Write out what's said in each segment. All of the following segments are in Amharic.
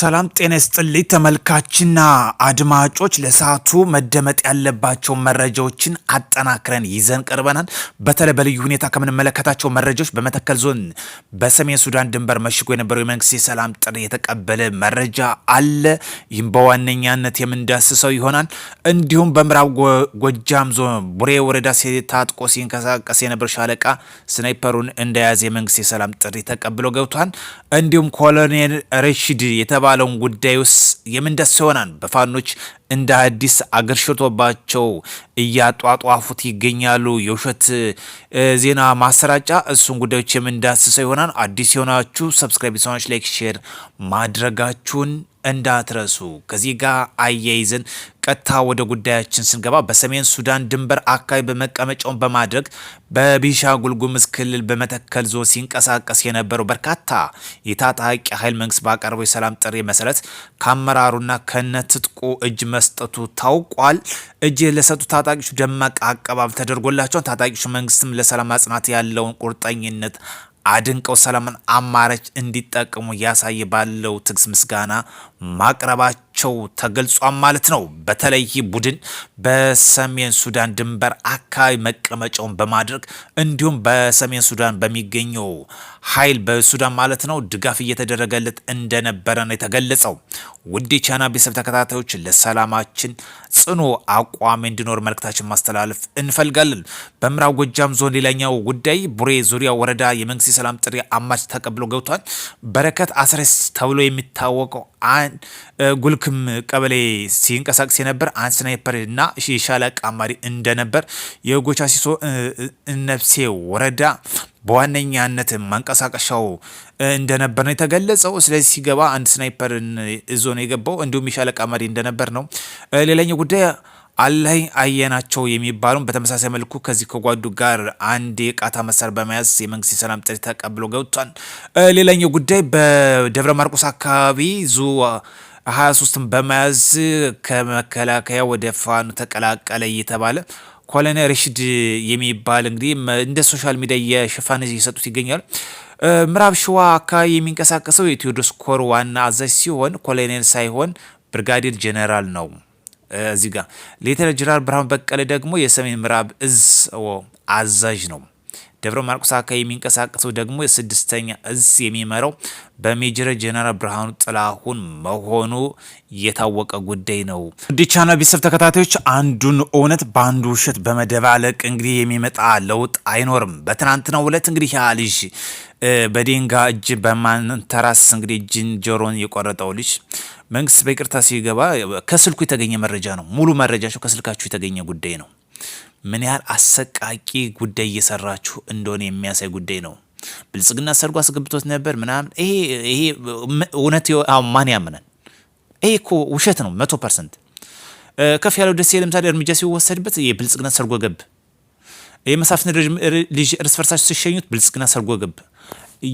ሰላም ጤና ይስጥልኝ ተመልካችና አድማጮች፣ ለሰዓቱ መደመጥ ያለባቸው መረጃዎችን አጠናክረን ይዘን ቀርበናል። በተለይ በልዩ ሁኔታ ከምንመለከታቸው መረጃዎች በመተከል ዞን በሰሜን ሱዳን ድንበር መሽጎ የነበረው የመንግስት የሰላም ጥሪ የተቀበለ መረጃ አለ። ይህም በዋነኛነት የምንዳስሰው ይሆናል። እንዲሁም በምዕራብ ጎጃም ዞን ቡሬ ወረዳ ታጥቆ ሲንቀሳቀስ የነበረው ሻለቃ ስናይፐሩን እንደያዘ የመንግስት የሰላም ጥሪ ተቀብሎ ገብቷል። እንዲሁም ኮሎኔል ረሺድ የተባለውን ጉዳይ ውስጥ የምንደስ ይሆናል። በፋኖች እንደ አዲስ አገር ሽርቶባቸው እያጧጧፉት ይገኛሉ። የውሸት ዜና ማሰራጫ እሱን ጉዳዮች የምንዳስሰው ይሆናል። አዲስ የሆናችሁ ሰብስክራይብ፣ ሰዎች ላይክ፣ ሼር ማድረጋችሁን እንዳትረሱ። ከዚህ ጋር አያይዘን ቀጥታ ወደ ጉዳያችን ስንገባ በሰሜን ሱዳን ድንበር አካባቢ በመቀመጫውን በማድረግ በቤንሻንጉል ጉሙዝ ክልል በመተከል ዞን ሲንቀሳቀስ የነበረው በርካታ የታጣቂ ኃይል መንግስት ባቀረበው የሰላም ጥሪ መሰረት ከአመራሩና ከነትጥቁ እጅ መስጠቱ ታውቋል። እጅ ለሰጡት ታጣቂዎች ደማቅ አቀባብ ተደርጎላቸው ታጣቂዎች መንግስትም ለሰላም ማጽናት ያለውን ቁርጠኝነት አድንቀው ሰላምን አማራጭ እንዲጠቀሙ እያሳየ ባለው ትግስ ምስጋና ማቅረባቸው ተገልጿል ማለት ነው። በተለይ ቡድን በሰሜን ሱዳን ድንበር አካባቢ መቀመጫውን በማድረግ እንዲሁም በሰሜን ሱዳን በሚገኘው ኃይል በሱዳን ማለት ነው ድጋፍ እየተደረገለት እንደነበረ ነው የተገለጸው። ውድ ቻና ቤተሰብ ተከታታዮች ለሰላማችን ጽኑ አቋም እንዲኖር መልእክታችን ማስተላለፍ እንፈልጋለን። በምዕራብ ጎጃም ዞን ሌላኛው ጉዳይ ቡሬ ዙሪያ ወረዳ የመንግስት የሰላም ጥሪ አማች ተቀብሎ ገብቷል። በረከት አስረስ ተብሎ የሚታወቀው ጉልክም ቀበሌ ሲንቀሳቀስ የነበር አንድ ስናይፐር እና የሻለቃ አማሪ እንደነበር የጎቻ ሲሶ እነብሴ ወረዳ በዋነኛነት ማንቀሳቀሻው እንደነበር ነው የተገለጸው። ስለዚህ ሲገባ አንድ ስናይፐርን እዞ ነው የገባው። እንዲሁም የሻለቃ መሪ እንደነበር ነው። ሌላኛው ጉዳይ አላይ አየናቸው የሚባሉም በተመሳሳይ መልኩ ከዚህ ከጓዱ ጋር አንድ የቃታ መሳሪያ በመያዝ የመንግስት የሰላም ጥሪ ተቀብሎ ገብቷል። ሌላኛው ጉዳይ በደብረ ማርቆስ አካባቢ ዙ 23ን በመያዝ ከመከላከያ ወደ ፋኖ ተቀላቀለ እየተባለ ኮሎኔል ሪሽድ የሚባል እንግዲህ እንደ ሶሻል ሚዲያ የሽፋን እየሰጡት ይገኛሉ። ምዕራብ ሸዋ አካባቢ የሚንቀሳቀሰው የቴዎድሮስ ኮር ዋና አዛዥ ሲሆን ኮሎኔል ሳይሆን ብርጋዴር ጄኔራል ነው። እዚህ ጋር ሌተናል ጀነራል ብርሃኑ በቀለ ደግሞ የሰሜን ምዕራብ እዝ አዛዥ ነው። ደብረ ማርቆስ አካባቢ የሚንቀሳቀሰው ደግሞ የስድስተኛ እዝ የሚመራው በሜጀር ጀነራል ብርሃኑ ጥላሁን መሆኑ የታወቀ ጉዳይ ነው። ዲቻና ቤተሰብ ተከታታዮች አንዱን እውነት በአንዱ ውሸት በመደባለቅ እንግዲህ የሚመጣ ለውጥ አይኖርም። በትናንትናው ዕለት እንግዲህ ያ ልጅ በዴንጋ እጅ በማንተራስ እንግዲህ እጅን ጆሮን የቆረጠው ልጅ መንግስት በይቅርታ ሲገባ ከስልኩ የተገኘ መረጃ ነው። ሙሉ መረጃቸው ከስልካችሁ የተገኘ ጉዳይ ነው። ምን ያህል አሰቃቂ ጉዳይ እየሰራችሁ እንደሆነ የሚያሳይ ጉዳይ ነው። ብልጽግና ሰርጎ አስገብቶት ነበር ምናምን። ይሄ ይሄ እውነት ማን ያምናል? ይሄ እኮ ውሸት ነው መቶ ፐርሰንት። ከፍ ያለው ደሴ ለምሳሌ እርምጃ ሲወሰድበት የብልጽግና ሰርጎ ገብ የመሳፍንት ልጅ እርስ በርሳቸው ሲሸኙት ብልጽግና ሰርጎ ገብ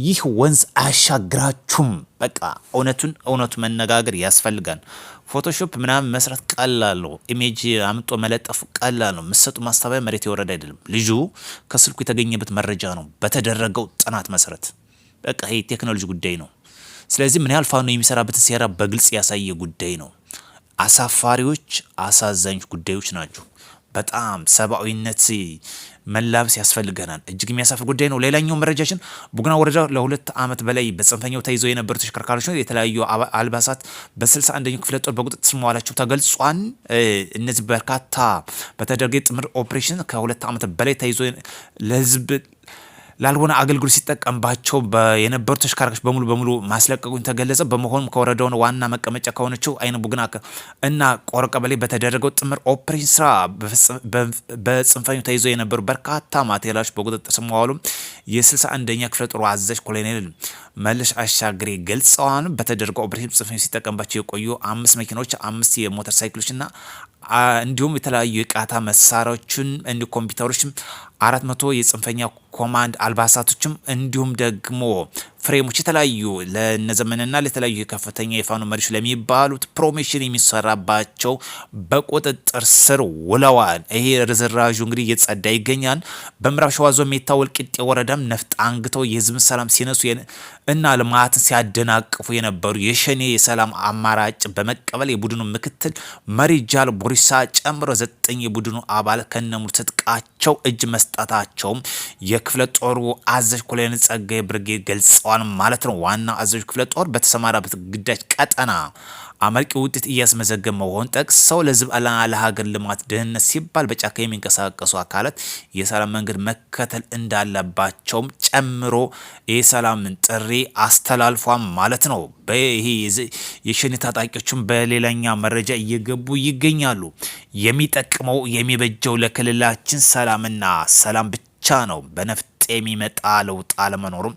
ይህ ወንዝ አያሻግራችሁም። በቃ እውነቱን እውነቱ መነጋገር ያስፈልጋል። ፎቶሾፕ ምናምን መስራት ቀላል ነው። ኢሜጅ አምጦ መለጠፉ ቀላል ነው። የምትሰጡ ማስተባበያ መሬት የወረደ አይደለም። ልጁ ከስልኩ የተገኘበት መረጃ ነው፣ በተደረገው ጥናት መሰረት። በቃ ይሄ ቴክኖሎጂ ጉዳይ ነው። ስለዚህ ምን ያህል ፋኖ የሚሰራበትን ሴራ በግልጽ ያሳየ ጉዳይ ነው። አሳፋሪዎች፣ አሳዛኝ ጉዳዮች ናቸው። በጣም ሰብአዊነት መላበስ ያስፈልገናል። እጅግ የሚያሳፍር ጉዳይ ነው። ሌላኛው መረጃችን ቡግና ወረዳ ለሁለት ዓመት በላይ በጽንፈኛው ተይዘው የነበሩ ተሽከርካሪዎች የተለያዩ አልባሳት በ 61 ክፍለ ጦር በቁጥጥር ስር መዋላቸው ተገልጿል። እነዚህ በርካታ በተደረገ ጥምር ኦፕሬሽን ከሁለት ዓመት በላይ ተይዞ ለህዝብ ላልሆነ አገልግሎት ሲጠቀምባቸው የነበሩ ተሽከርካሪዎች በሙሉ በሙሉ ማስለቀቁን ተገለጸ። በመሆኑም ከወረዳውን ዋና መቀመጫ ከሆነችው አይነ ቡግና እና ቆሮ ቀበሌ በተደረገው ጥምር ኦፕሬሽን ስራ በጽንፈኞች ተይዞ የነበሩ በርካታ ማቴሪያሎች በቁጥጥር ስር መዋሉም የ61ኛ ክፍለ ጦር አዛዥ ኮሎኔል መልሽ አሻግሬ ገልጸዋን በተደረገ ኦፕሬሽን ጽፈኝ ሲጠቀምባቸው የቆዩ አምስት መኪናዎች፣ አምስት የሞተር ሳይክሎችና እንዲሁም የተለያዩ የቃታ መሳሪያዎችን እንዲ ኮምፒውተሮችም አራት መቶ የጽንፈኛ ኮማንድ አልባሳቶችም እንዲሁም ደግሞ ፍሬሞች የተለያዩ ለነዘመንና ለተለያዩ የከፍተኛ የፋኖ መሪዎች ለሚባሉት ፕሮሞሽን የሚሰራባቸው በቁጥጥር ስር ውለዋል። ይሄ ርዝራዡ እንግዲህ እየጸዳ ይገኛል። በምዕራብ ሸዋ ዞን ሜታ ወልቂጤ ወረዳም ነፍጥ አንግተው የህዝብን ሰላም ሲነሱ እና ልማትን ሲያደናቅፉ የነበሩ የሸኔ የሰላም አማራጭ በመቀበል የቡድኑ ምክትል መሪ ጃል ቦሪሳ ጨምሮ ዘጠኝ የቡድኑ አባል ከነሙሉ ትጥቃቸው እጅ መስጠታቸውም የክፍለ ጦሩ አዛዥ ኮሎኔል ጸጋዬ ብርጌ ገልጸዋል። ተጠናቀዋል ማለት ነው። ዋና አዛዥ ክፍለ ጦር በተሰማራበት ግዳጅ ቀጠና አመርቂ ውጤት እያስመዘገበ መሆን ጠቅሰው ለህዝብ አላና ለሀገር ልማት ደህንነት ሲባል በጫካ የሚንቀሳቀሱ አካላት የሰላም መንገድ መከተል እንዳለባቸውም ጨምሮ የሰላምን ጥሪ አስተላልፏም ማለት ነው። ይህ የሸኔ ታጣቂዎችም በሌላኛ መረጃ እየገቡ ይገኛሉ። የሚጠቅመው የሚበጀው ለክልላችን ሰላምና ሰላም ብቻ ነው። በነፍጥ የሚመጣ ለውጥ አለመኖሩም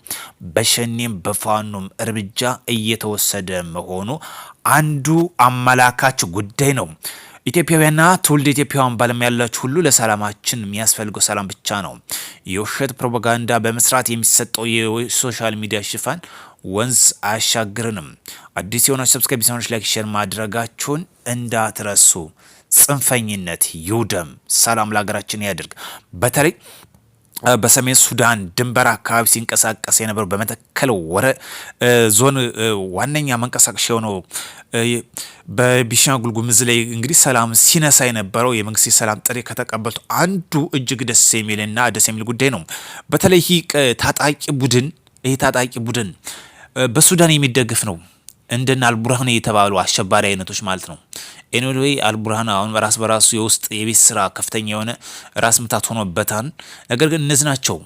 በሸኔም በፋኖም እርምጃ እየተወሰደ መሆኑ አንዱ አመላካች ጉዳይ ነው። ኢትዮጵያውያንና ትውልድ ኢትዮጵያውያን ባለም ያላችሁ ሁሉ ለሰላማችን የሚያስፈልገው ሰላም ብቻ ነው። የውሸት ፕሮፓጋንዳ በመስራት የሚሰጠው የሶሻል ሚዲያ ሽፋን ወንዝ አያሻግርንም። አዲስ የሆናችሁ ሰብስክራይብ፣ ሰኖች ላይክ፣ ሼር ማድረጋችሁን እንዳትረሱ። ጽንፈኝነት ይውደም፣ ሰላም ለሀገራችን ያደርግ። በተለይ በሰሜን ሱዳን ድንበር አካባቢ ሲንቀሳቀስ የነበረው በመተከል ወረ ዞን ዋነኛ መንቀሳቀሻ የሆነው በቤኒሻንጉል ጉሙዝ ላይ እንግዲህ ሰላም ሲነሳ የነበረው የመንግስት የሰላም ጥሪ ከተቀበሉት አንዱ እጅግ ደስ የሚልና ደስ የሚል ጉዳይ ነው። በተለይ ታጣቂ ቡድን ይህ ታጣቂ ቡድን በሱዳን የሚደግፍ ነው። እንደነ አልቡርሃን የተባሉ አሸባሪ አይነቶች ማለት ነው። ኤኒዌይ አልቡርሃን አሁን በራስ በራሱ የውስጥ የቤት ስራ ከፍተኛ የሆነ ራስ ምታት ሆኖበታል። ነገር ግን እነዚህ ናቸው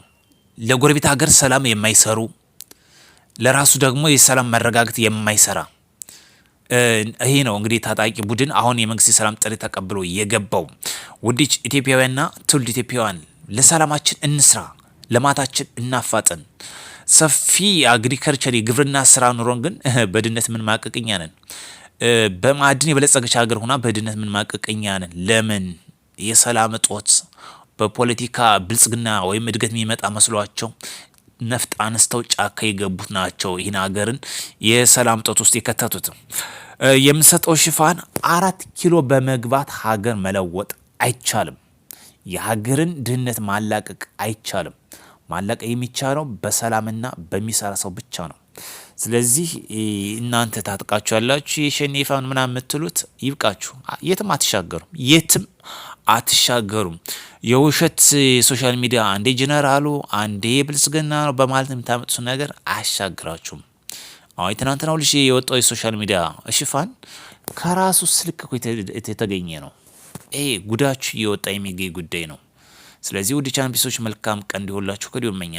ለጎረቤት ሀገር ሰላም የማይሰሩ ለራሱ ደግሞ የሰላም መረጋገጥ የማይሰራ ይሄ ነው እንግዲህ ታጣቂ ቡድን አሁን የመንግስት የሰላም ጥሪ ተቀብሎ የገባው። ውድ ኢትዮጵያውያንና ትውልድ ኢትዮጵያውያን ለሰላማችን እንስራ፣ ልማታችን እናፋጥን። ሰፊ የአግሪከልቸር የግብርና ስራ ኑሮን ግን በድህነት ማቀቅኛ ነን። በማዕድን የበለጸገች ሀገር ሆና በድህነት ምንማቀቅኛ ነን። ለምን? የሰላም እጦት፣ በፖለቲካ ብልጽግና ወይም እድገት የሚመጣ መስሏቸው ነፍጥ አነስተው ጫካ የገቡት ናቸው። ይህን ሀገርን የሰላም እጦት ውስጥ የከተቱት። የምንሰጠው ሽፋን አራት ኪሎ በመግባት ሀገር መለወጥ አይቻልም። የሀገርን ድህነት ማላቀቅ አይቻልም። ማለቅ የሚቻለው በሰላምና በሚሰራ ሰው ብቻ ነው። ስለዚህ እናንተ ታጥቃችሁ ያላችሁ የሸኔፋን ፋን ምናምን የምትሉት ይብቃችሁ። የትም አትሻገሩም፣ የትም አትሻገሩም። የውሸት ሶሻል ሚዲያ አንዴ ጀነራሉ አንዴ ብልጽግና ነው በማለት የምታመጡት ነገር አያሻግራችሁም። አሁ የትናንትናው ልጅ የወጣው የሶሻል ሚዲያ ሽፋን ከራሱ ስልክ የተገኘ ነው። ይሄ ጉዳችሁ እየወጣ የሚገኝ ጉዳይ ነው። ስለዚህ ውድ ቻምፒሶች መልካም ቀን እንዲሆንላችሁ ከዲሁ እመኛለሁ።